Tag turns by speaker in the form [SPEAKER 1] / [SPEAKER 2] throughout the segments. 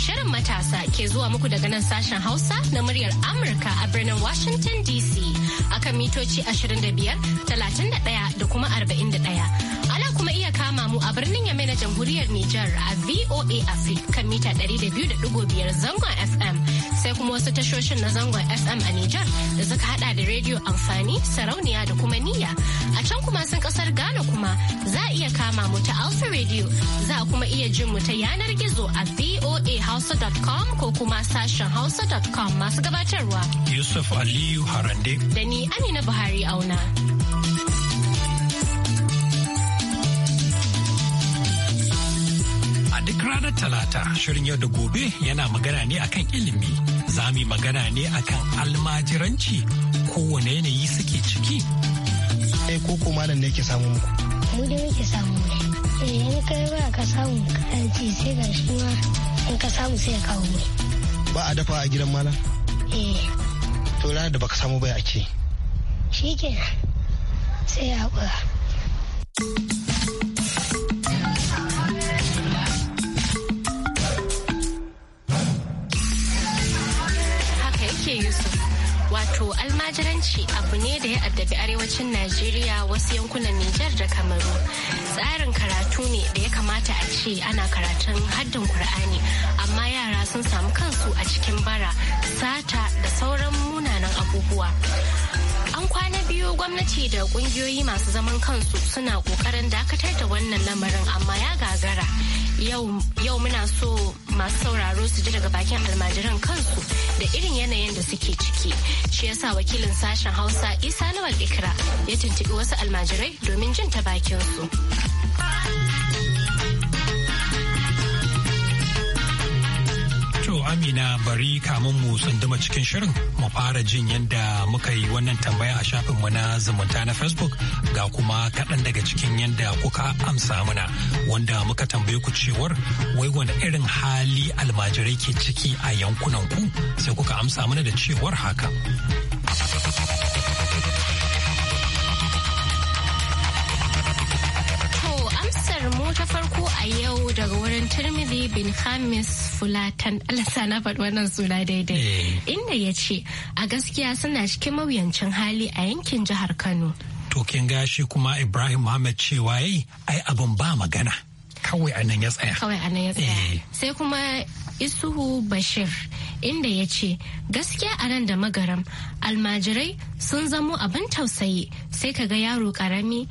[SPEAKER 1] shirin matasa ke zuwa muku daga nan sashen Hausa na muryar Amurka a birnin Washington DC akan mitoci 25, 31 da kuma 41. Ana kuma iya kama mu a birnin Yamai na jamhuriyar Nijar a VOA Africa kan mita 200.5 zangon sai kuma wasu tashoshin na zangon FM a Nijar da suka hada da rediyo amfani sarauniya da kuma niyya. A can kuma sun kasar Ghana kuma za a iya kama mu ta Alpha rediyo za a kuma iya jin mu ta yanar gizo a hausa voahausa.com ko kuma sashen hausa.com masu gabatarwa.
[SPEAKER 2] Yusuf Aliyu Harande.
[SPEAKER 1] Da ni Amina Buhari auna.
[SPEAKER 2] duk ranar talata shirin yau da gobe yana magana ne akan ilimi za mu magana ne akan almajiranci kowane yanayi suke ciki.
[SPEAKER 3] Eh ko ko malam ne ke samu muku?
[SPEAKER 4] Mu da muke samu ne. Eh in kai ba ka samu karanci sai ga shi ma in ka samu sai ka kawo mu.
[SPEAKER 3] Ba a dafa a gidan malam? Eh. To ranar da baka samu bai a ce.
[SPEAKER 4] Shi sai a haƙura.
[SPEAKER 1] wato almajiranci abu ne da ya addabi arewacin najeriya wasu yankunan nijar da kamaru tsarin karatu ne da ya kamata a ce ana karatun haddin kur'ani amma yara sun samu kansu a cikin bara sata da sauran munanan abubuwa an kwana biyu gwamnati da kungiyoyi masu zaman kansu suna kokarin dakatar da wannan lamarin amma ya gagara yau muna so masu sauraro su ji daga bakin almajiran kansu da irin yanayin da suke ciki shi yasa wakilin sashen hausa isa lawal ikra ya tuntubi wasu almajirai domin jin ta bakin su
[SPEAKER 2] Amina bari kamun mu tsunduma cikin shirin mu fara jin yadda muka yi wannan tambaya a shafinmu na zumunta na Facebook ga kuma kaɗan daga cikin yadda kuka amsa mana wanda muka tambaye ku cewar wai wani irin hali almajirai ke ciki a yankunan ku sai kuka amsa mana da cewar haka.
[SPEAKER 1] mu ta farko a yau daga wurin Tirmidhi bin Hamis Fulatan Alasa na faɗi wannan suna daidai. Eh. Inda ya ce a gaskiya suna cikin mawuyancin hali a yankin jihar Kano.
[SPEAKER 2] To kin gashi kuma Ibrahim Muhammad cewa yi ai abin ba magana. Kawai a ya tsaya. Kawai a ya tsaya. Eh.
[SPEAKER 1] Sai kuma Isuhu Bashir inda ya ce gaskiya a nan da magaram almajirai sun zamo abin tausayi sai kaga yaro karami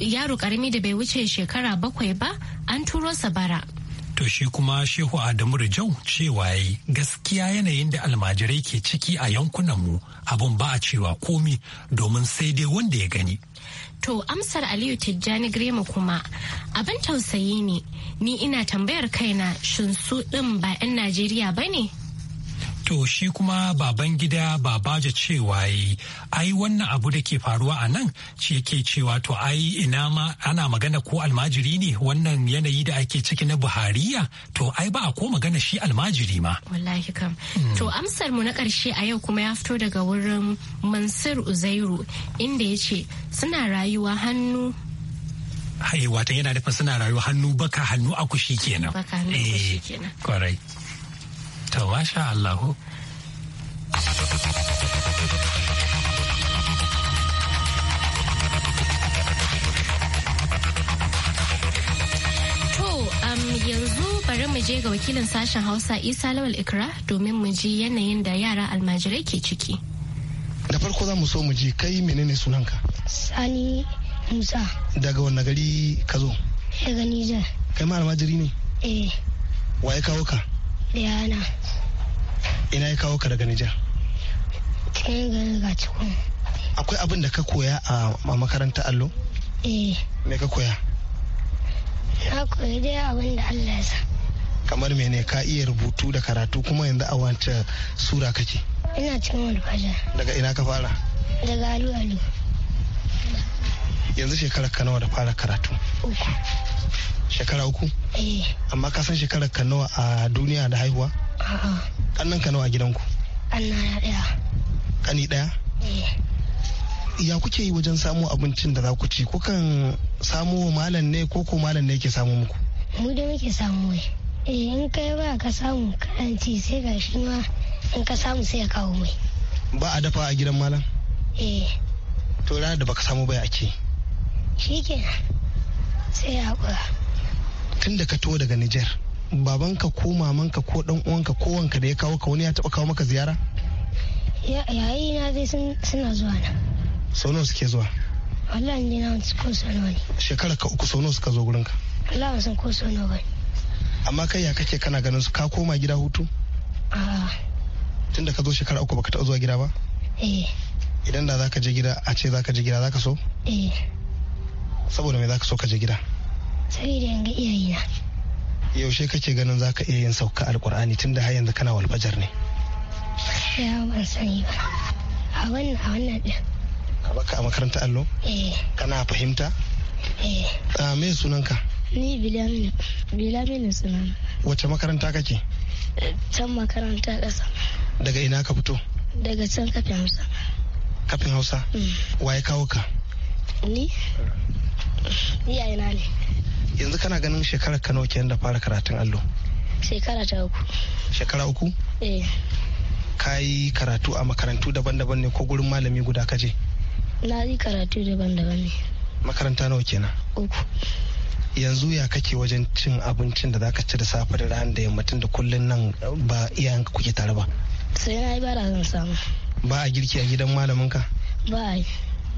[SPEAKER 1] yaro karami da bai wuce shekara bakwai ba an turo sa bara
[SPEAKER 2] to shi kuma shehu adamu rijau cewa yi gaskiya yanayin da almajirai ke ciki a yankunan mu abun ba a cewa komi domin sai dai wanda ya gani
[SPEAKER 1] to amsar aliyu tijjani grema kuma abin tausayi ne ni ina tambayar kaina shin su ɗin ba 'yan najeriya ba ne
[SPEAKER 2] to shi kuma baban gida ja cewa yi ai wannan abu da ke faruwa a nan ce ke cewa to ai ina ma ana magana ko almajiri ne wannan yanayi da ake ciki na buhariya to ai ba a ko magana shi almajiri ma
[SPEAKER 1] wallahi kam hmm. to amsar mu na karshe a yau kuma ya fito daga wurin mansur uzairu inda ya ce suna rayuwa hannu
[SPEAKER 2] Hai, watan yana nufin suna rayuwa hannu baka hannu akushi kenan. Baka hannu akushi eh, kenan. to masha Allahu
[SPEAKER 1] um, yanzu bari mu je ga wakilin sashen hausa isa lawal ikra domin mu ji yanayin da yara almajirai ke ciki
[SPEAKER 3] da farko za mu so mu ji kai menene sunanka
[SPEAKER 1] sani musa
[SPEAKER 3] daga wani gari ka zo daga nijar kai ma almajiri ne eh waye kawo ka ɗiyana. Ina ya kawo ka daga Nijar?
[SPEAKER 4] Cikin gari ga cikin.
[SPEAKER 3] Akwai abin da ka koya a makaranta allo? Eh. Me ka koya?
[SPEAKER 4] Na koyi dai abin da Allah ya sa.
[SPEAKER 3] Kamar mene ka iya rubutu da karatu kuma yanzu a wancan sura kake?
[SPEAKER 4] Ina cikin walfaja.
[SPEAKER 3] Daga ina ka fara?
[SPEAKER 4] Daga alu alu.
[SPEAKER 3] Yanzu shekarar ka nawa da fara karatu? Uku. shekara uku eh. amma ka san shekarar ka nawa a duniya da haihuwa kannan ka nawa a gidanku kani daya eh. ya kuke yi wajen samu abincin da za ku ci ko kan samu malam ne ko ko malam ne ke samu muku
[SPEAKER 4] mu da muke samu wai eh in kai ba ka samu kaɗan ci sai ga shi ma in ka samu sai ya kawo mai
[SPEAKER 3] ba a dafa a gidan malam eh to ranar da baka samu bai ake
[SPEAKER 4] shikenan sai hakura
[SPEAKER 3] tun da ka tuwo daga Nijar babanka ko mamanka ko dan uwanka ko wanka da ya kawo ka wani ya taba kawo maka ziyara
[SPEAKER 4] yayi na dai suna zuwa na
[SPEAKER 3] sau nawa suke zuwa
[SPEAKER 4] wallahi ni na ko sau nawa ne
[SPEAKER 3] shekara ka uku sau nawa suka zo gurin ka
[SPEAKER 4] wallahi ban san ko sau nawa ba
[SPEAKER 3] amma kai ya kake kana ganin su ka koma gida hutu a tun da ka zo shekara uku baka taɓa zuwa gida ba eh idan da zaka je gida a ce zaka je gida zaka so eh saboda me zaka so ka je gida
[SPEAKER 4] saboda yanga iyayena
[SPEAKER 3] yaushe kake ganin zaka iya yin sauka alkur'ani tunda har yanzu kana walfajar ne
[SPEAKER 4] ya ban sani ba a wannan a wannan din
[SPEAKER 3] baka a makaranta allo eh kana fahimta eh me sunanka
[SPEAKER 4] ni bilamin bilamina sunan
[SPEAKER 3] wace makaranta kake
[SPEAKER 4] can makaranta kasa
[SPEAKER 3] daga ina ka fito
[SPEAKER 4] daga can kafin hausa
[SPEAKER 3] kafin hausa mm. Wa ya kawo ka
[SPEAKER 4] ni iyayena ne
[SPEAKER 3] yanzu kana ganin shekarar ka nawa kenan da fara karatun allo
[SPEAKER 4] shekara ta uku
[SPEAKER 3] shekara uku eh ka yi karatu a makarantu daban-daban ne ko gurin malami guda ka je
[SPEAKER 4] na yi karatu daban-daban ne
[SPEAKER 3] makaranta nawa kenan uku yanzu ya kake wajen cin abincin da zaka ci da safe da ran da tun da kullun nan ba iyayenka kuke tare ba
[SPEAKER 4] sai na yi bara zan samu
[SPEAKER 3] ba a girki a gidan malamin ka ba a yi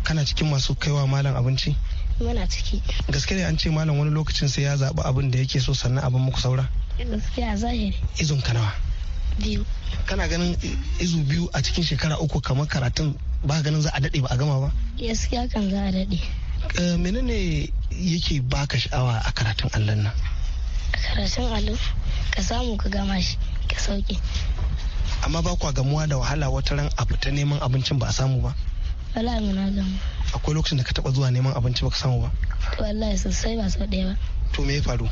[SPEAKER 3] kana cikin masu kaiwa malam abinci
[SPEAKER 4] muna ciki
[SPEAKER 3] gaske ne an ce malam wani lokacin sai ya zaɓi abin da yake so sannan abin muku saura
[SPEAKER 4] gaskiya zahiri izun kanawa biyu
[SPEAKER 3] kana ganin izu biyu a cikin shekara uku kamar karatun ba ganin za a daɗe ba a gama ba
[SPEAKER 4] gaskiya kan za a daɗe
[SPEAKER 3] eh, menene yake baka sha'awa a karatun allon nan
[SPEAKER 4] karatun allon ka samu ka gama shi ka sauke
[SPEAKER 3] amma ba kwa gamuwa da wahala wata ran a fita neman abincin ba a samu ba
[SPEAKER 4] wala na gamu
[SPEAKER 3] akwai lokacin da ka taba zuwa neman abinci baka samu ba
[SPEAKER 4] wallahi sosai ba sau ɗaya ba to me ya faru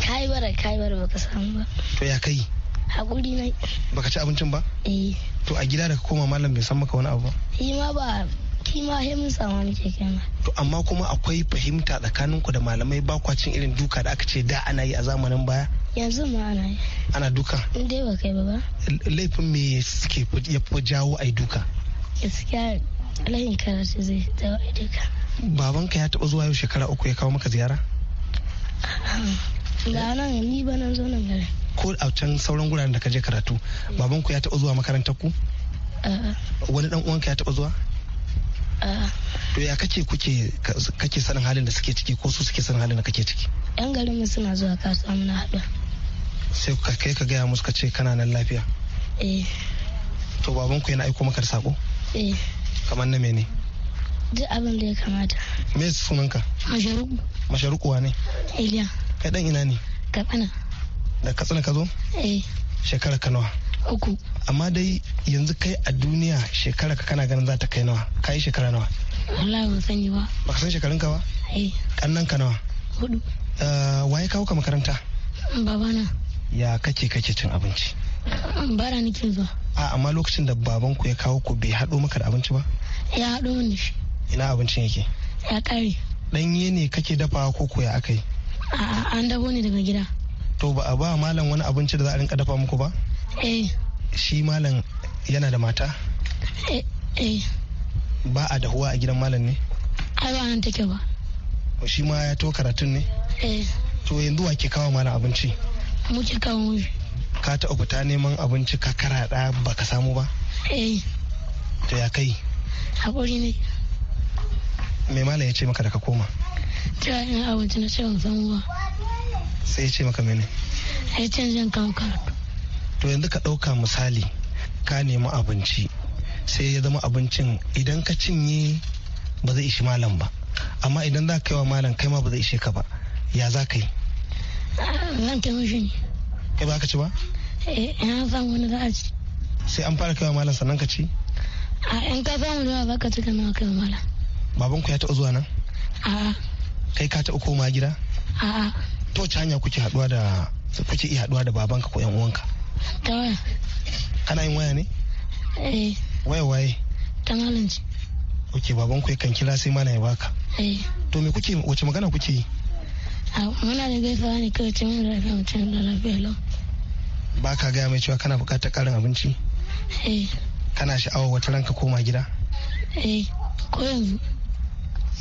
[SPEAKER 4] kai bara kai bara baka samu ba to ya kai hakuri nai
[SPEAKER 3] baka ci abincin ba eh to a gida da ka koma malam bai san maka wani abu ba
[SPEAKER 4] ma ba kima he mun samu muke kema
[SPEAKER 3] to amma kuma akwai fahimta tsakanin ku da malamai ba kwa cin irin duka da aka ce da ana yi a zamanin baya
[SPEAKER 4] yanzu ma ana yi ana duka in dai ba kai ba ba
[SPEAKER 3] laifin me suke ya fi jawo ai duka
[SPEAKER 4] gaskiya layin karatu zai zawa duka
[SPEAKER 3] babanka ya taɓa zuwa yau shekara uku ya kawo maka ziyara
[SPEAKER 4] ga nan ni ba nan zo nan gari.
[SPEAKER 3] ko a can sauran guraren da ka je karatu babanku ya taɓa zuwa makarantar ku wani dan uwanka ya taɓa zuwa to ya kace kuke kake sanin halin da suke ciki ko su suke sanin halin da kake ciki
[SPEAKER 4] yan garin suna zuwa kasuwa muna haɗu.
[SPEAKER 3] sai ka kai ka gaya musu ka ce kana nan lafiya eh to babanku yana aiko maka da sako eh kamar na mene
[SPEAKER 4] duk abin da ya kamata
[SPEAKER 3] me sunanka
[SPEAKER 4] masharuku masharuku wa ne iliya
[SPEAKER 3] kai dan ina ne katsina da katsina ka zo eh shekara ka nawa uku amma dai yanzu kai a duniya shekara ka kana ganin za ta kai nawa ka yi shekara nawa
[SPEAKER 4] wallahi ban sani ba
[SPEAKER 3] ba ka san shekarun ka ba eh kannan ka nawa hudu eh, waye kawo ka makaranta babana ya kace-kace cin abinci
[SPEAKER 4] bara nake zuwa
[SPEAKER 3] a amma lokacin da baban ku ya kawo ku bai haɗo maka da abinci ba ya haɗo ni ina abincin yake ya kare ɗanye ne kake dafawa ko ko ya akai
[SPEAKER 4] a an dabo ne daga gida
[SPEAKER 3] to ba a ba malam wani abinci da za a rinka dafa muku ba eh shi malam yana da mata
[SPEAKER 4] eh, eh
[SPEAKER 3] ba a dahuwa a gidan malam ne
[SPEAKER 4] ai ba nan take ba
[SPEAKER 3] shi ma ya to karatun ne eh to yanzu wa ke kawo malam abinci muke kawo shi ka taɓa fita neman abinci ka karaɗa ka samu ba eh to ya kai haƙuri ne me mala ya ce maka da ka koma
[SPEAKER 4] ta yin abinci na cewa samu ba
[SPEAKER 3] sai ya ce maka mene
[SPEAKER 4] ya ce zan kawo karatu
[SPEAKER 3] to yanzu ka ɗauka misali ka nemi abinci sai ya zama abincin idan ka cinye ba zai ishi malam ba amma idan za ka yi wa malam kai ma ba zai ishe ka ba ya za ka yi
[SPEAKER 4] zan taimaki ne kai ba ka ci ba eh na samu wani za a ci
[SPEAKER 3] sai an fara kaiwa malam sannan ka ci
[SPEAKER 4] a in ka samu da za ka ci kana kaiwa malam
[SPEAKER 3] baban ku ya taɓa zuwa nan a kai ka taɓa koma gida a to wace hanya kuke haɗuwa da kuke iya haɗuwa da babanka ko yan uwanka ta waya kana yin waya ne eh waya waye ta malam ce ok baban ku kan kira sai mana ya baka eh to me kuke wace magana kuke yi
[SPEAKER 4] muna da gaisawa ne kawai ce mun da mutum da lafiya lau
[SPEAKER 3] ba ka gaya mai cewa kana bukatar ƙarin abinci eh. kana sha'awar wata ranka koma gida
[SPEAKER 4] eh, ko yanzu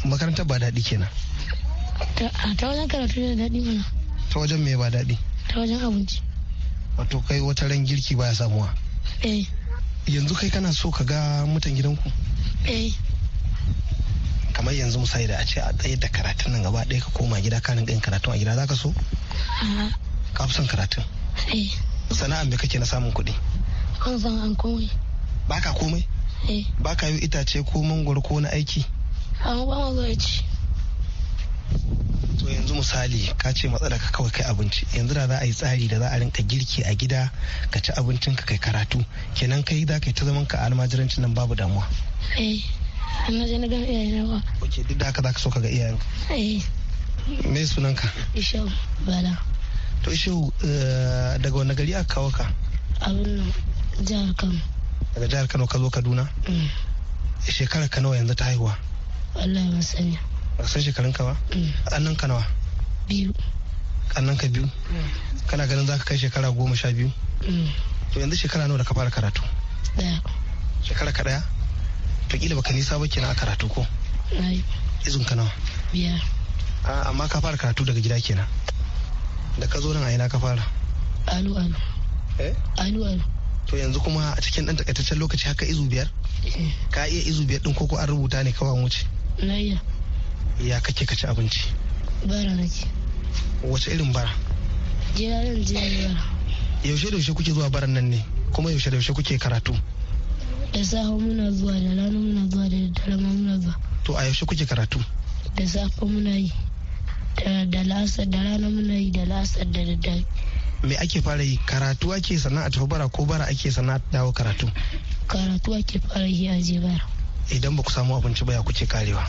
[SPEAKER 3] makarantar ba daɗi kenan
[SPEAKER 4] ta wajen karatu da daɗi mana
[SPEAKER 3] ta wajen me ba daɗi
[SPEAKER 4] ta wajen abinci
[SPEAKER 3] wato kai wata ran girki baya samuwa eh. yanzu kai kana so ka ga mutan gidanku kamar yanzu misali da a ce a tsaye da karatun nan gaba ɗaya ka koma gida ka rinka yin karatun a gida za ka so ka fi son karatun sana'an me kake na samun kuɗi
[SPEAKER 4] kan zan an komai baka komai eh.
[SPEAKER 3] baka yi itace ko mangwaro ko na aiki
[SPEAKER 4] an ba ma zuwa ci
[SPEAKER 3] to yanzu misali ka ce matsala ka kawai kai abinci yanzu da za a yi tsari da za a rinka girki a gida ka ci abincin ka kai karatu kenan kai za ka yi ta zaman ka almajirancin nan babu damuwa
[SPEAKER 4] eh na je na ga iyayen ba
[SPEAKER 3] ok duk da haka za ka so ka ga iyayen
[SPEAKER 4] eh me sunan ka bala
[SPEAKER 3] to shi eh, daga wani gari aka kawo ka
[SPEAKER 4] a wannan jihar kano
[SPEAKER 3] daga jihar kano ka zo kaduna mm. eh, shekarar ka nawa yanzu ta haihuwa
[SPEAKER 4] wallahi ban sani
[SPEAKER 3] ba san shekarun ka ba mm. annan ka nawa biyu annan ka biyu mm. kana ganin zaka kai shekara goma sha biyu to yanzu shekara nawa da ka fara karatu daya shekara ka daya to kila baka nisa ba kenan a karatu ko izin ka nawa biyar amma ka fara karatu daga gida kenan da ka zo nan a ina ka fara alu alu eh alu alu to yanzu kuma a cikin dan takaitaccen lokaci haka izu biyar eh. ka iya izu biyar din koko an rubuta ne kawai wuce na iya ya kake ka ci abinci bara nake wace irin bara
[SPEAKER 4] jiranin jiranin bara
[SPEAKER 3] yaushe da yaushe kuke zuwa baran nan ne kuma yaushe da yaushe kuke karatu
[SPEAKER 4] da safe muna zuwa da rana muna zuwa da dare muna zuwa
[SPEAKER 3] to a yaushe kuke karatu
[SPEAKER 4] da safe muna yi Eh, da lasar da rana muna yi da lasar da daddare
[SPEAKER 3] me ake fara yi karatu ake sana'a tafi bara ko bara ake sana'a dawo karatu
[SPEAKER 4] karatu ake fara yi a je bara
[SPEAKER 3] idan ba ku samu abinci ba ya kuce karewa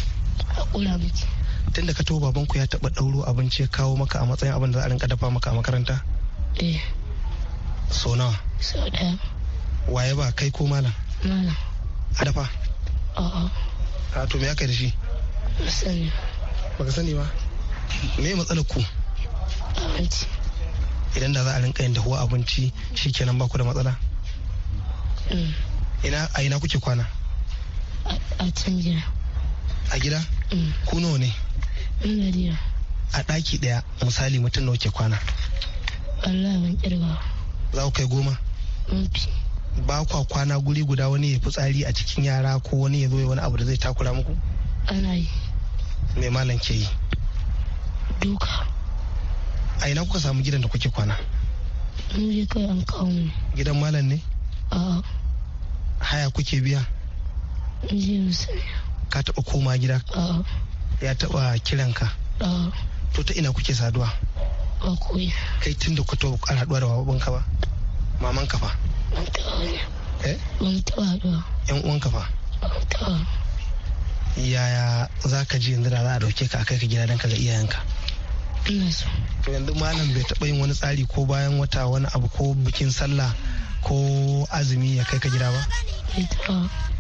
[SPEAKER 3] hakura muke tunda ka taho babanku ya taba ɗauro abinci ya kawo maka a matsayin abin da za a rinka dafa maka a makaranta eh so nawa so ɗaya. waye ba kai ko malam malam a dafa a'a a to me aka yi da shi sani baka sani ba me matsalar ku idan da za a rinka yin dahuwa abinci shikenan ba ku da matsala mm. ina a ina kuke kwana
[SPEAKER 4] a can gida a gida mm.
[SPEAKER 3] ku nawa ne a ɗaki ɗaya misali mutum nawa ke kwana
[SPEAKER 4] Allah ban kirga
[SPEAKER 3] za ku kai goma ba kwa kwana guri guda wani ya fitsari a cikin yara ko wani ya zo wani abu da zai takura muku ana yi me malam ke yi duka a ina kuka samu gidan da kuke kwana
[SPEAKER 4] an je kai an kawo mu
[SPEAKER 3] gidan malam ne a haya kuke biya an je ka taba koma gida a ya taba kiranka a to ta ina kuke saduwa ba koyi kai tun da kuka kara haduwa da babanka ba mamanka fa eh ba mu taba haduwa yan uwanka fa
[SPEAKER 4] ba mu taba
[SPEAKER 3] yaya za ka ji yanzu da za a ɗauke ka kai ka gida don ka ga iyayenka to yanzu malam bai taɓa yin wani tsari ko bayan wata wani abu ko bikin sallah ko azumi ya kai ka gida ba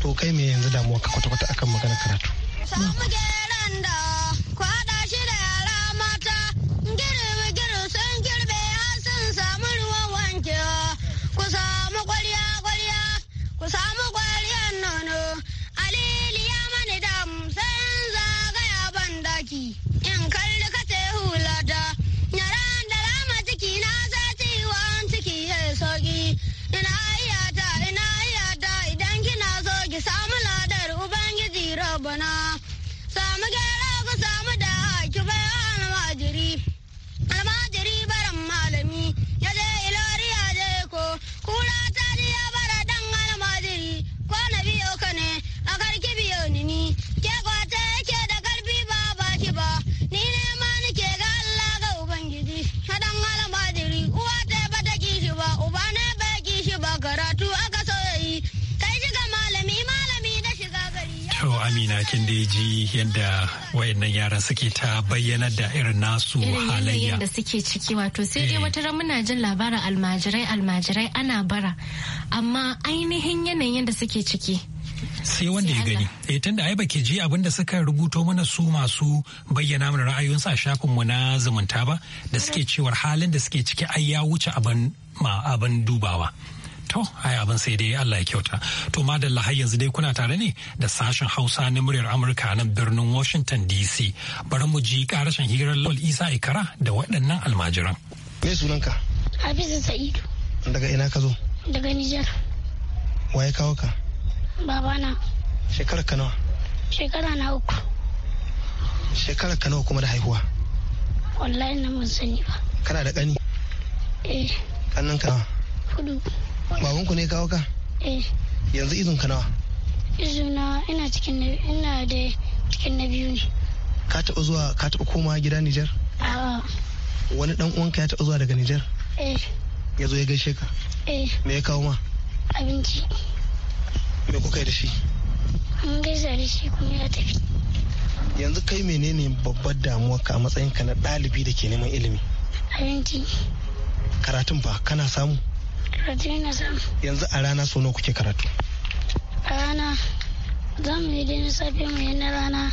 [SPEAKER 3] to kai me yanzu damuwa ka kwata-kwata akan magana karatu
[SPEAKER 2] amina kin da ji yadda wayannan yara suke ta bayyana da irin nasu halayya da
[SPEAKER 1] suke ciki wato sai dai eh. wata ran muna jin labarin almajirai almajirai ana bara amma ainihin yanayin da suke ciki
[SPEAKER 2] sai wanda ya gani eh tunda ai baki ji abin da suka rubuto mana su masu bayyana mana ra'ayoyinsu a shafin mu na zumunta ba da suke cewar halin da suke ciki ai ya wuce abin ma abin dubawa To, ai abin sai dai Allah ya kyauta. To, madalla har yanzu dai kuna tare ne da sashen Hausa na muryar Amurka nan birnin Washington DC. Bari mu ji karashin hirar Lawal Isa Ikara da waɗannan
[SPEAKER 3] almajiran. Me sunanka?
[SPEAKER 4] Hafizu Sa'idu.
[SPEAKER 3] Daga ina ka zo? Daga Nijar. Wa ya kawo ka? Babana. Shekarar ka nawa?
[SPEAKER 4] Shekara na uku.
[SPEAKER 3] Shekarar ka nawa kuma da haihuwa?
[SPEAKER 4] Wallahi na mun sani ba. Kana da ƙani? Eh. Ƙannan ka Hudu. babanku ne kawo ka eh
[SPEAKER 3] yanzu izin ka nawa
[SPEAKER 4] izina ina cikin ina da cikin na biyu ne
[SPEAKER 3] ka taɓa zuwa ka taɓa koma gida Nijar? A'a. Wani dan uwanka ya taɓa zuwa daga Nijar? Eh. Ya zo ya gaishe ka? Eh. Me ya kawo ma? Abinci. Me kuka yi da shi?
[SPEAKER 4] Mun gaisa da shi kuma ya tafi.
[SPEAKER 3] Yanzu kai menene babbar damuwa ka a matsayin ka na ɗalibi da ke neman ilimi? Abinci. Karatun ba kana samu?
[SPEAKER 4] na zam.
[SPEAKER 3] Yanzu a rana so nawa kuke karatu?
[SPEAKER 4] A rana za mu yi dai na safe mu yi na rana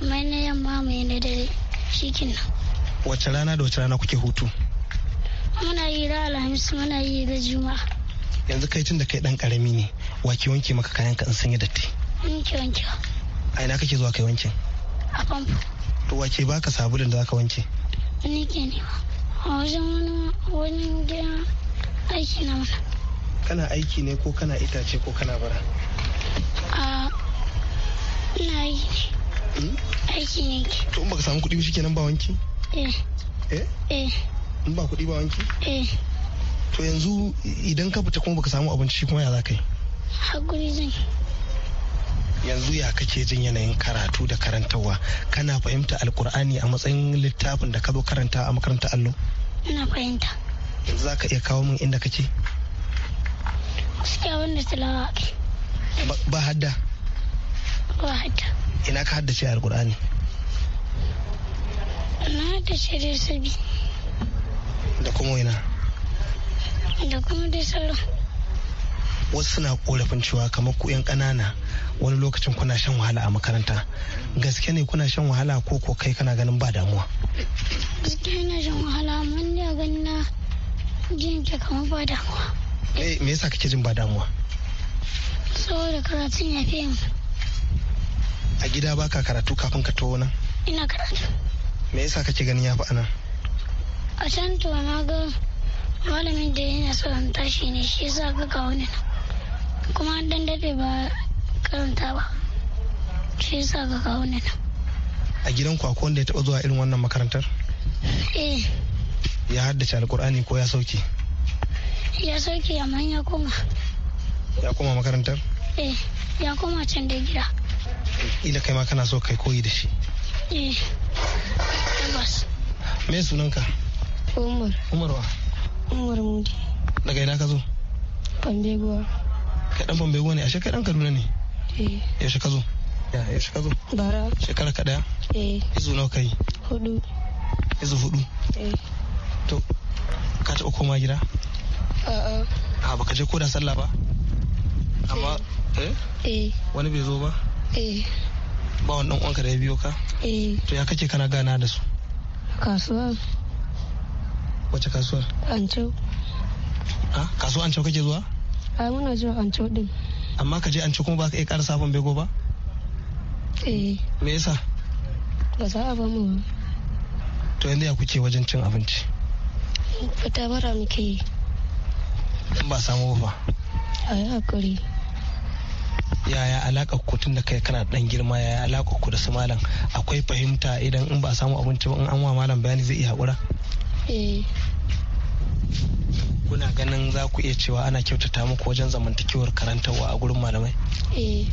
[SPEAKER 4] mai na yamma mu yi na dare shi kenan.
[SPEAKER 3] Wace rana da wace rana kuke hutu?
[SPEAKER 4] Muna yi da Alhamis muna yi da Juma'a.
[SPEAKER 3] Yanzu kai tun da kai dan karami ne wa ke wanke maka kayan ka in sun yi datti. Wanke wanke. A ina kake zuwa kai wankin? A famfo. To wa ke baka sabulun da zaka wanke?
[SPEAKER 4] Ni ke ne. A wajen wani wani gidan aiki na mana
[SPEAKER 3] kana aiki ne ko kana itace ko kana bara
[SPEAKER 4] ina yi ne hmm? aiki ne ke to in baka
[SPEAKER 3] samu kuɗi shikenan ba wanki
[SPEAKER 4] eh eh eh
[SPEAKER 3] in ba kuɗi ba wanki eh to yanzu idan ka fita kuma baka samu abinci kuma ya za ka yi
[SPEAKER 4] hakuri zan
[SPEAKER 3] yanzu ya kake jin yanayin karatu da karantarwa kana fahimta alkur'ani a matsayin littafin da ka zo karanta a makaranta allo
[SPEAKER 4] ina fahimta
[SPEAKER 3] za ka iya kawo min inda kake
[SPEAKER 4] gaskiya wanda tilawa ba hadda ba hadda
[SPEAKER 3] ina ka haddace alkur'ani
[SPEAKER 4] na haddace da sabi da kuma ina da kuma da sauran
[SPEAKER 3] wasu suna korafin cewa kamar ku 'yan ƙanana wani lokacin kuna shan wahala a makaranta gaske ne kuna shan wahala ko ko kai kana ganin ba damuwa
[SPEAKER 4] gaske na shan wahala mun da ganin na jin ke kamar ba damuwa
[SPEAKER 3] eh me yasa kake jin ba damuwa
[SPEAKER 4] saboda karatun ya fi mu
[SPEAKER 3] a gida baka karatu kafin ka to nan
[SPEAKER 4] ina karatu
[SPEAKER 3] me yasa kake ganin ya fi anan
[SPEAKER 4] a can to na ga malamin da yana son tashi ne shi yasa ga ga wani nan kuma an dan dade ba karanta ba shi yasa ga ga wani nan.
[SPEAKER 3] a gidan ku da ya taɓa zuwa irin wannan makarantar eh ya haddace alkur'ani ko ya sauke
[SPEAKER 4] ya sauke amma ya koma
[SPEAKER 3] ya koma makarantar
[SPEAKER 4] eh ya koma can da gida
[SPEAKER 3] ila kai ma kana so kai koyi da shi
[SPEAKER 4] eh bas. me
[SPEAKER 3] sunanka umar umar wa umar mudi daga ina ka zo
[SPEAKER 4] fambeguwa
[SPEAKER 3] kai dan fambeguwa ne ashe kai dan kaduna ne eh yaushe ka zo yaushe ka
[SPEAKER 4] zo bara
[SPEAKER 3] shekara ka daya eh izu nawa kai hudu izu hudu
[SPEAKER 4] eh to
[SPEAKER 3] ka taɓa koma gida a'a a baka je ko da sallah ba amma eh? eh wani bai zo ba eh ba wani uwanka da ya biyo ka eh to ya kake kana gana da su kasuwa wace kasuwar ancau Ha, kasuwa ancau kake zuwa
[SPEAKER 4] a muna zuwa ancau din
[SPEAKER 3] amma ka je ancau kuma ba ka iya ƙara sabon bego ba eh me yasa
[SPEAKER 4] ba za a ba mu
[SPEAKER 3] to yanzu ya kuke wajen cin abinci
[SPEAKER 4] fita bara muke yi
[SPEAKER 3] in ba samu ba
[SPEAKER 4] a yi hakuri
[SPEAKER 3] yaya alaƙa ku tun da kai kana dan girma yaya alaƙa ku da su malam akwai fahimta idan in ba samu abinci ba in an wa malam bayani zai iya haƙura eh. kuna ganin za ku iya cewa ana kyautata muku wajen zamantakewar karantarwa a gurin malamai?
[SPEAKER 4] eh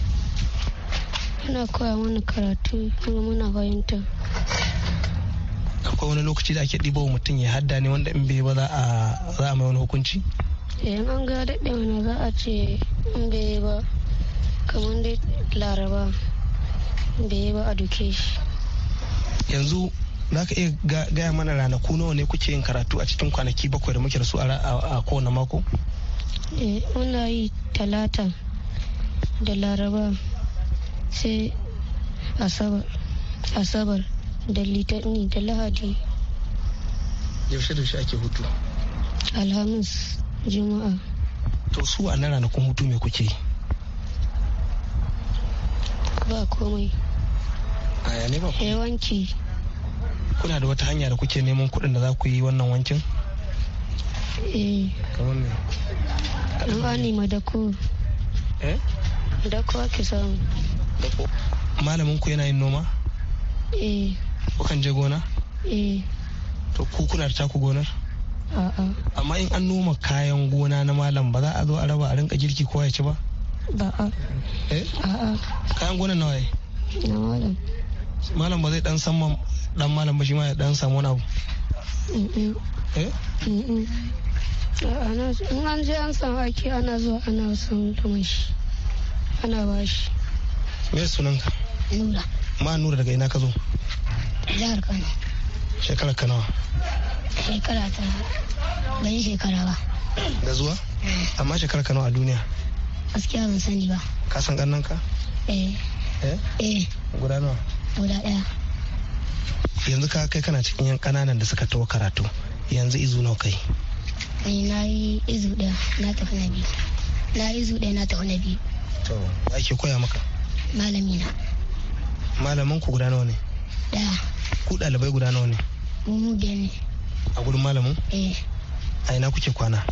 [SPEAKER 4] ana koya mana karatu kuma muna fahimta
[SPEAKER 3] akwai wani lokaci da ake ɗibo mutum ya hadda ne wanda in bai ba za a za a mai wani hukunci
[SPEAKER 4] Eh an ga daɗe wani za a ce in bai ba kamar dai laraba bai ba a duke shi
[SPEAKER 3] yanzu za ka iya gaya mana ranaku nawa ne kuke yin karatu a cikin kwanaki bakwai da muke da su a kowane mako
[SPEAKER 4] eh, muna yi talata da laraba sai asabar da litani da lahadi
[SPEAKER 3] yaushe da ake hutu
[SPEAKER 4] alhamis juma'a
[SPEAKER 3] to su a nan ranakun hutu me kuke yi
[SPEAKER 4] ba komai a ne ba komai wanki
[SPEAKER 3] kuna da wata hanya da kuke neman kuɗin da za ku yi wannan wankin
[SPEAKER 4] eh kamar an bani ma dako eh dako ake samu
[SPEAKER 3] malamin ku yana yin noma eh Kukan je gona? Eh. To ku kuna da taku gonar? A'a. Amma in an noma kayan gona na malam ba za a zo a raba a rinka girki kowa ya ci ba?
[SPEAKER 4] Ba'a. Eh? A'a.
[SPEAKER 3] Kayan gonan nawa ne? Na malam. Malam ba zai dan san dan malam ba shi ma ya dan samu wani abu.
[SPEAKER 4] Eh? in an je an samu aiki ana zuwa ana son tumin ana bashi. me sunanka nura
[SPEAKER 3] ma nura daga ina ka zo jihar kano shekara ka nawa
[SPEAKER 4] shekara ta ban yi shekara ba
[SPEAKER 3] da zuwa amma shekara ka nawa a duniya
[SPEAKER 4] gaskiya ban sani ba
[SPEAKER 3] ka san gannan ka
[SPEAKER 4] eh. eh
[SPEAKER 3] eh guda nawa guda daya yanzu ka kai kana cikin yan kananan da suka tawo karatu yanzu izu nawa kai
[SPEAKER 4] kai na yi izu ɗaya na tafi na biyu na yi izu ɗaya na tafi na biyu
[SPEAKER 3] to ake koya maka malami na malaman ku guda nawa ne Daya. Ku ɗalibai guda nawa ne?
[SPEAKER 4] Mu ne. A gurin malamin? Eh.
[SPEAKER 3] A ina kuke kwana?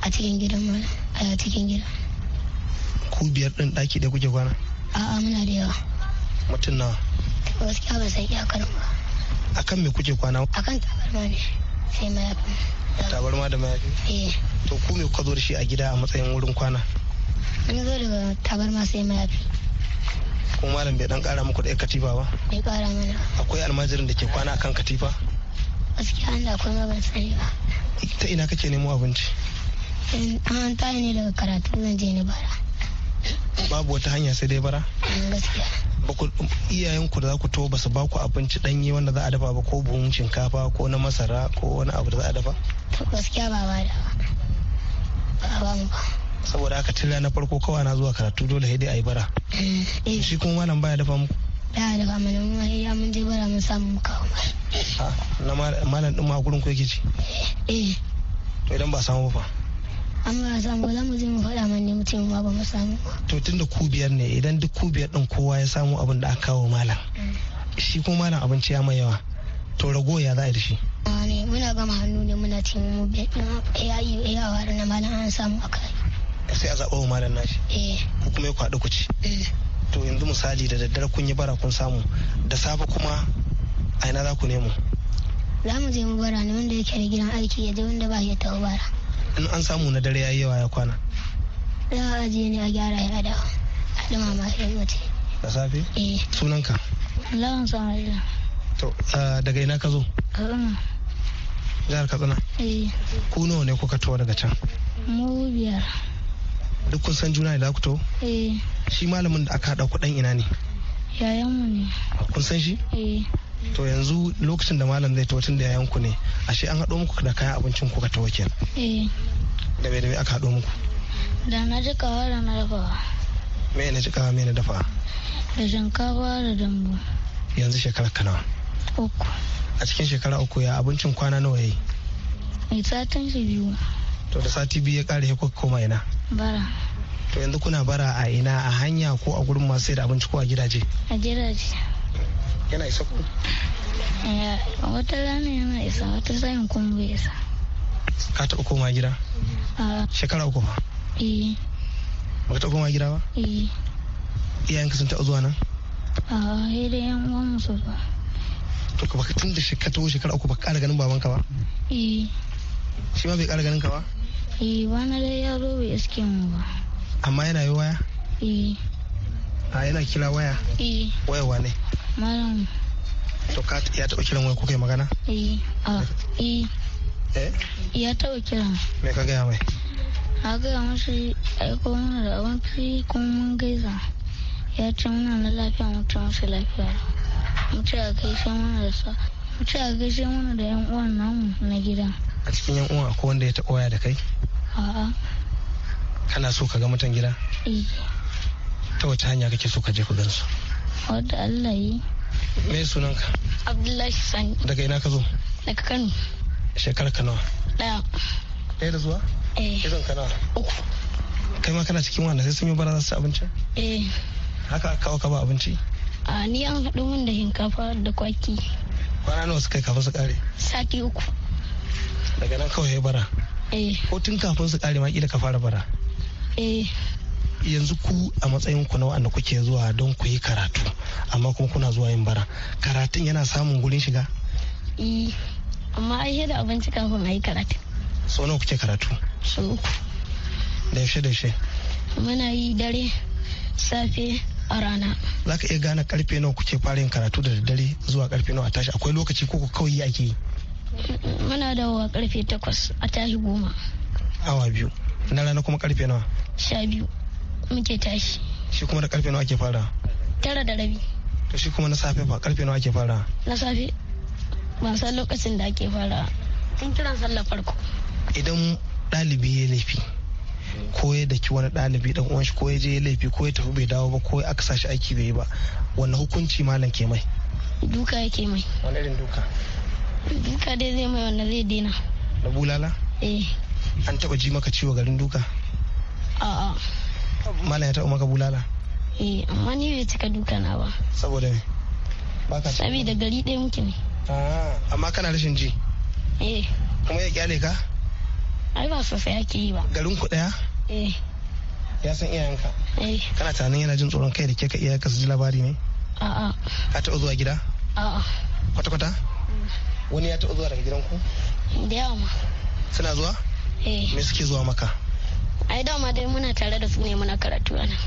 [SPEAKER 4] A cikin gidan malam. A cikin gidan.
[SPEAKER 3] Ku biyar ɗin ɗaki da kuke kwana?
[SPEAKER 4] A'a muna da yawa. Mutum nawa? Gaskiya ba san iyakar ba.
[SPEAKER 3] A kan me kuke kwana? A kan
[SPEAKER 4] tabarma ne. Sai mayafi.
[SPEAKER 3] Tabarma da mayafi? Eh. To ku me kuka zo da shi a gida a matsayin wurin kwana?
[SPEAKER 4] Mun zo daga tabarma sai mayafi.
[SPEAKER 3] ko malam bai dan kara muku da katifa ba
[SPEAKER 4] bai kara mana
[SPEAKER 3] akwai almajirin da ke kwana akan katifa
[SPEAKER 4] gaskiya an da akwai ma ban sani ba
[SPEAKER 3] ta ina kake nemo abinci
[SPEAKER 4] an ta ne daga karatu zan je ni bara
[SPEAKER 3] babu wata hanya sai dai bara
[SPEAKER 4] mm, gaskiya
[SPEAKER 3] iyayenku da za ku to ba su ba ku abinci danye wanda za a dafa ba ko buhun shinkafa ko na masara ko wani abu da za a dafa
[SPEAKER 4] gaskiya ba ba da ba ba mu ba
[SPEAKER 3] saboda haka tun na farko kawai na zuwa karatu dole sai dai ayi bara shi kuma malam baya dafa muku
[SPEAKER 4] baya dafa mana mun ya mun je bara mun samu muka
[SPEAKER 3] na malam din ma gurin ko yake ci eh to idan ba samu ba
[SPEAKER 4] amma samu ba mu je mu faɗa man ne mu ce ma ba mu samu
[SPEAKER 3] to tunda ku biyar ne idan duk ku biyar din kowa ya samu abin da aka kawo malam shi kuma malam abinci ya mai yawa to rago ya za a da shi
[SPEAKER 4] muna gama hannu ne muna ce mu ya yi yawa na malam an samu a kai
[SPEAKER 3] sai a zaɓa wa malam nashi eh. ko kuma ya kwaɗi ku ci eh. to yanzu misali da daddare kun yi bara kun samu da safe kuma a ina za ku nemo
[SPEAKER 4] za mu je mu bara ne wanda yake da gidan aiki ya je wanda ba ya taɓa bara
[SPEAKER 3] in an samu na dare ya yi yawa ya kwana
[SPEAKER 4] za a ajiye ne a gyara ya dawo a ɗuma ma ya mace
[SPEAKER 3] da safe eh. sunanka
[SPEAKER 4] lawan samarila
[SPEAKER 3] to daga ina ka zo katsina jihar katsina ku nawa ne kuka tuwa daga can
[SPEAKER 4] mu biyar
[SPEAKER 3] duk kun san juna ne da ku to eh shi malamin da aka haɗa ku dan ina ne
[SPEAKER 4] yayan mu ne
[SPEAKER 3] kun san shi eh to yanzu lokacin da malam zai tawacin da yayan ku ne ashe an haɗo muku da kayan abincin ku ka tawo ke eh da me da aka haɗo muku
[SPEAKER 4] da na jikawa da na dafawa
[SPEAKER 3] me na jikawa me na dafawa
[SPEAKER 4] da shinkafa da dambu
[SPEAKER 3] yanzu shekarar kana uku a cikin shekara uku ya abincin kwana nawa yayi
[SPEAKER 4] mai satin shi biyu
[SPEAKER 3] to da sati biyu ya kare ko koma ina bara to yanzu kuna bara a ina a hanya ko a gurin masu da abinci ko a gidaje
[SPEAKER 4] a gidaje yana isa ku eh, wata rana yana isa wata sayin kuma bai isa
[SPEAKER 3] ka taɓa koma gida shekara uku ba eh ba taɓa koma gida ba eh iyayenka sun taɓa zuwa nan
[SPEAKER 4] a dai yan uwan musu ba
[SPEAKER 3] to ka baka tun da shekara uku baka ƙara ganin babanka ba eh shi ma bai ƙara ganin ka ba
[SPEAKER 4] eh bana da yaro bai iske mu ba
[SPEAKER 3] amma yana yi waya eh a ah, yana kira waya eh waya wane malam to ka ya taɓa kiran waya kuka yi magana
[SPEAKER 4] eh a ah, eh eh ya taɓa kiran me ka gaya mai na gaya mashi aiko mana da abinci kuma mun gaisa ya ce muna na lafiya mutum masu lafiya mutum ya kai sai mana da sa ku a gaishe mana da yan uwan namu na gida
[SPEAKER 3] a cikin yan uwan akwai wanda ya taɓa waya da kai a'a kana so ka ga mutan gida eh. ta wace hanya kake so ka je ku gansu
[SPEAKER 4] wadda Allah yi me sunanka Abdullahi Sani
[SPEAKER 3] daga ina ka zo daga Kano shekarar ka nawa daya ɗaya
[SPEAKER 4] da zuwa eh izon ka nawa uku
[SPEAKER 3] kai ma kana cikin wanda sai sun yi bara su abinci eh haka kawo ka ba abinci
[SPEAKER 4] a ni an haɗu min da shinkafa da kwaki
[SPEAKER 3] kwana nawa suka kafin su kare
[SPEAKER 4] sati uku
[SPEAKER 3] daga nan kawai bara eh ko tun kafin su kare ma kila ka fara bara eh yanzu ku a matsayin ku na wanda kuke zuwa don ku yi karatu amma kuma kuna zuwa yin bara karatun yana samun gurin shiga
[SPEAKER 4] eh amma ai da abinci kafin a yi karatu
[SPEAKER 3] so nawa kuke karatu so uku da yaushe da yaushe
[SPEAKER 4] muna yi dare safe a rana
[SPEAKER 3] za ka iya gane karfe nawa kuke fara yin karatu da daddare zuwa karfe nawa a tashi akwai lokaci ko ku kawai ake yi
[SPEAKER 4] muna dawowa karfe takwas a tashi goma
[SPEAKER 3] awa biyu na rana kuma karfe nawa sha biyu
[SPEAKER 4] muke tashi
[SPEAKER 3] shi kuma da karfe nawa ake fara tara da rabi to shi kuma na safe ba karfe nawa ake fara
[SPEAKER 4] na safe ban san lokacin da ake fara tun kiran sallar farko
[SPEAKER 3] idan ɗalibi ya laifi ko ya daki wani ɗalibi dan uwan shi ko ya je ya laifi ko ya tafi bai dawo ba ko ya aka sashi aiki bai yi ba wani hukunci malam ke mai
[SPEAKER 4] duka yake mai wani irin duka duka dai zai mai wanda zai dena. Na bulala eh
[SPEAKER 3] an taba ji maka ciwo garin duka a'a malam ya taba maka bulala
[SPEAKER 4] eh amma ni bai cika duka na ba saboda me baka saboda gari ɗaya muke ne
[SPEAKER 3] ah, amma kana rashin ji eh kuma ya kyale ka
[SPEAKER 4] ai ba sosai ake yi ba garin ku daya eh ya san iyayenka
[SPEAKER 3] eh kana tunanin yana jin tsoron kai da ke ka iyayenka su ji labari ne
[SPEAKER 4] a'a ka taɓa zuwa gida a'a
[SPEAKER 3] kwata kwata mm. wani ya taɓa zuwa daga
[SPEAKER 4] gidan ku da yawa ma suna zuwa eh me
[SPEAKER 3] suke zuwa maka
[SPEAKER 4] ai dama dai muna tare da su ne muna karatu a nan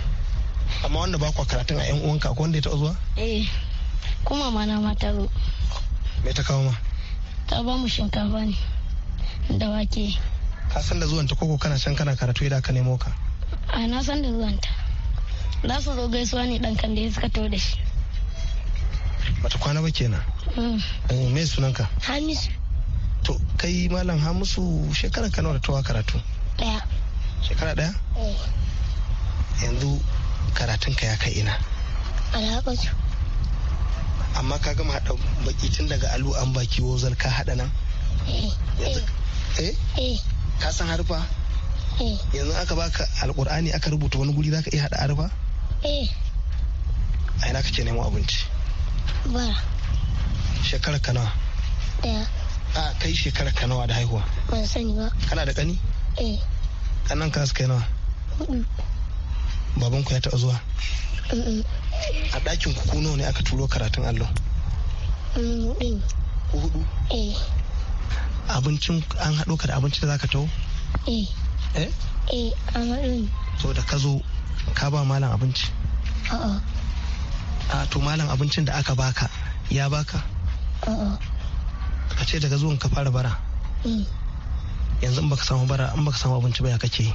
[SPEAKER 3] amma wanda ba ku karatun a yan uwanka ko wanda ya taɓa zuwa
[SPEAKER 4] eh kuma ma ma ta zo me ta kawo ma ta ba mu shinkafa ne da wake
[SPEAKER 3] ka san da zuwanta koko kana can kana karatu idan ka nemo ka
[SPEAKER 4] a na san da zuwanta za su zo gaisuwa ne dan kan da ya suka taho da shi
[SPEAKER 3] mata kwana ba kenan mm. eh, me ka hamisu to kai malam hamisu shekaran ka nawa da tawa karatu daya shekara daya eh. yanzu karatun ka ya kai ina alhaƙasu amma ka gama haɗa baki tun daga alu an baki wozar ka haɗa nan eh eh, eh? ka san harfa eh. yanzu aka baka alkur'ani aka rubuta wani guri zaka iya hada harfa eh a ina kake nemo abinci Ba. shekarar ka nawa daya a kai shekarar ka nawa da haihuwa ban sani ba kana da kani eh kanan ka kai nawa hudu baban ku ya taɓa zuwa a ɗakin ku nawa ne aka turo karatun allo
[SPEAKER 4] mm, hudu eh
[SPEAKER 3] abincin an haɗo ka da abincin da za ka
[SPEAKER 4] eh eh eh an haɗo
[SPEAKER 3] to da ka zo ka ba malam abinci
[SPEAKER 4] a'a
[SPEAKER 3] to malam abincin da aka baka ya baka a'a ka ce daga zuwan ka fara bara eh. yanzu in baka samu bara in baka samu abinci ba ya kake yi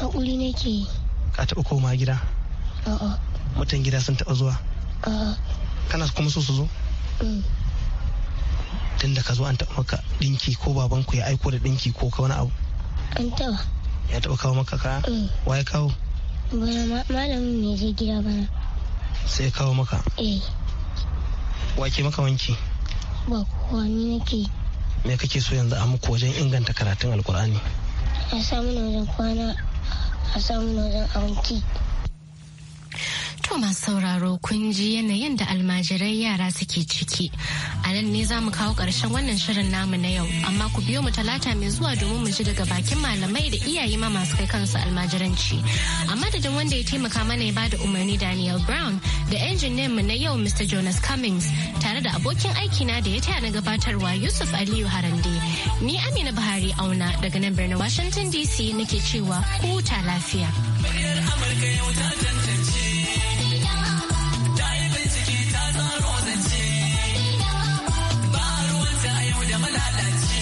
[SPEAKER 4] haƙuri nake
[SPEAKER 3] ka taɓa koma gida a'a mutan gida sun taɓa zuwa a'a kana kuma so su zo mm. tun da ka zo an taɓa maka ɗinki ko babanku ya aiko da ɗinki ko ka wani abu an taɓa ya taɓa kawo maka ka? Mm. wa ya kawo
[SPEAKER 4] bana malamin mai zai gida bana
[SPEAKER 3] sai kawo maka eh wa ke maka wanki
[SPEAKER 4] ba kowa ni nake
[SPEAKER 3] me kake so yanzu a muku wajen inganta karatun Alƙur'ani?
[SPEAKER 1] a samu na wajen kwana a samu na wajen abinci To masu sauraro kun ji yanayin da almajirai yara suke ciki. A nan ne za mu kawo ƙarshen wannan shirin namu na yau, amma ku biyo mu talata mai zuwa domin mu ji daga bakin malamai da iyaye ma masu kai kansu almajiranci. A madadin wanda ya taimaka mana ya bada umarni Daniel Brown da injin mu na yau Mr. Jonas Cummings tare da abokin aiki na da ya taya na gabatarwa Yusuf Aliyu Harande. Ni Amina Buhari Auna daga nan birnin Washington DC nake cewa ku huta lafiya.
[SPEAKER 3] Amurka yau ta
[SPEAKER 4] lalace